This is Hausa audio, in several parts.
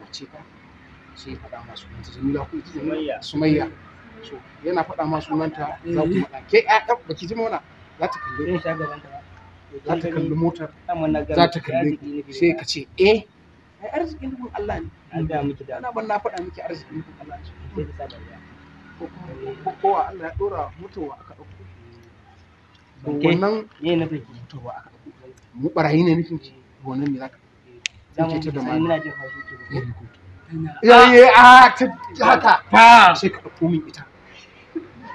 mace ta sai faɗa ma sunanta jamila ko ita sumayya so yana faɗa ma sunanta za ku mm-hmm. faɗa ke ƴaƴa ba ki ji mana za ta kalli. za ta kalli motar za ta kalle sai ka ce eh ai arzikin nufin Allah ne ana ban na faɗa miki arzikin nufin Allah ne ko kowa Allah ya ɗora mutuwa aka ɗauko wannan ne na fahimta mutuwa aka ɗauko mu barayi ne nufin ki mm. wannan ne za ka sai ta da muna ta sai ka min ita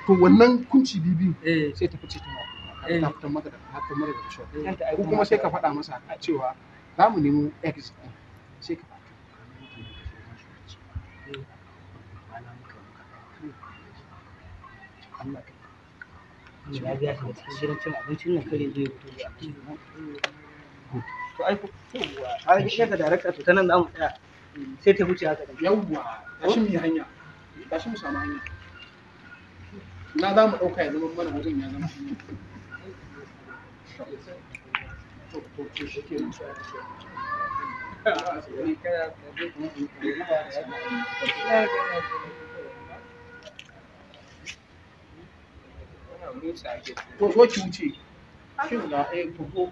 to wannan kunci bibi eh. sai ta fice tana eh. ta fitar maka da ta mara da ko kuma sai ka faɗa masa a cewa za mu nemo exit din sai ka Allah ya da cin abincin nan kare zai fito da to ai ku shi ka darakta to tanan zamu tsaya sai ta huce haka yawwa gashi mu hanya gashi mu samu hanya na za ɗauka ya zama mana wajen ya zama hanya to to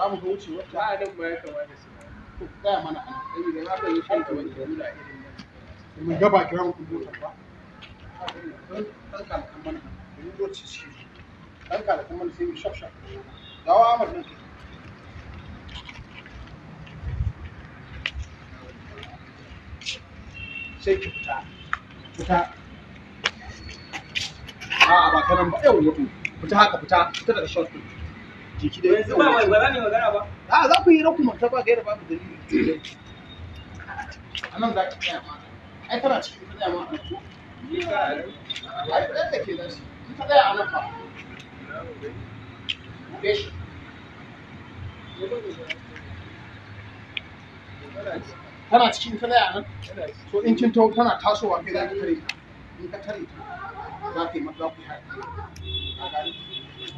za mu ga wucewa ba a nan ba ya kamata su ko gaya mana a nan da aka yi shan tuwa da nuna irin nan mun ga ba kira mu mota ba dan kalakan mana mun zo ci shi dan kalakan mana sai mu shaf shaf dawa amar nan sai ki fita fita a'a ba kanan ba yau fita haka fita fita daga shot jiki da yanzu ba wai magana ba a za ku yi babu dalili za ki tsaya ma ai tana cikin tsaya ma ke ba tana cikin tsaya nan in kin tana tasowa kai za tare ta in ka tare ta za ka yi mata za ku yi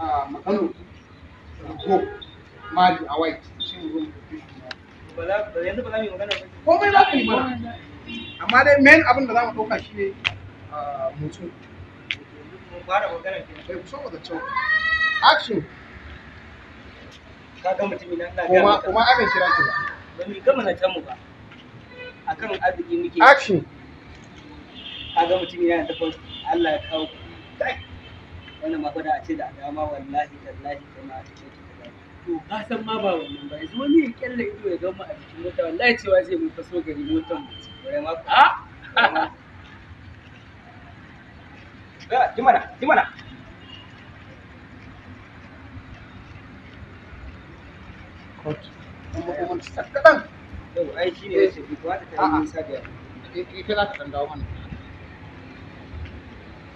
magano ko a white shi ne ruwan yanzu ba za ka yi mana amma dai main abin da za mu ɗauka shi ne mutu bai action ka ga gama kuma ba mu gama na ba akan arziki muke action ka ga Allah ya kawo kai wani magana a ce da dama wallahi tallahi kana a cikin to ka san ma ba wannan ba yanzu wani ya kyalle ido ya gama a cikin mota wallahi cewa zai mun faso gari kuma kuma sakadan yau ai ta nisa da ita eh, eh, za ka dan dawo mana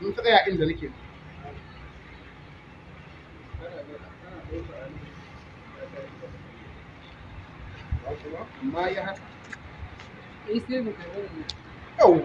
mun tsaya inda nake amma ya haka eh,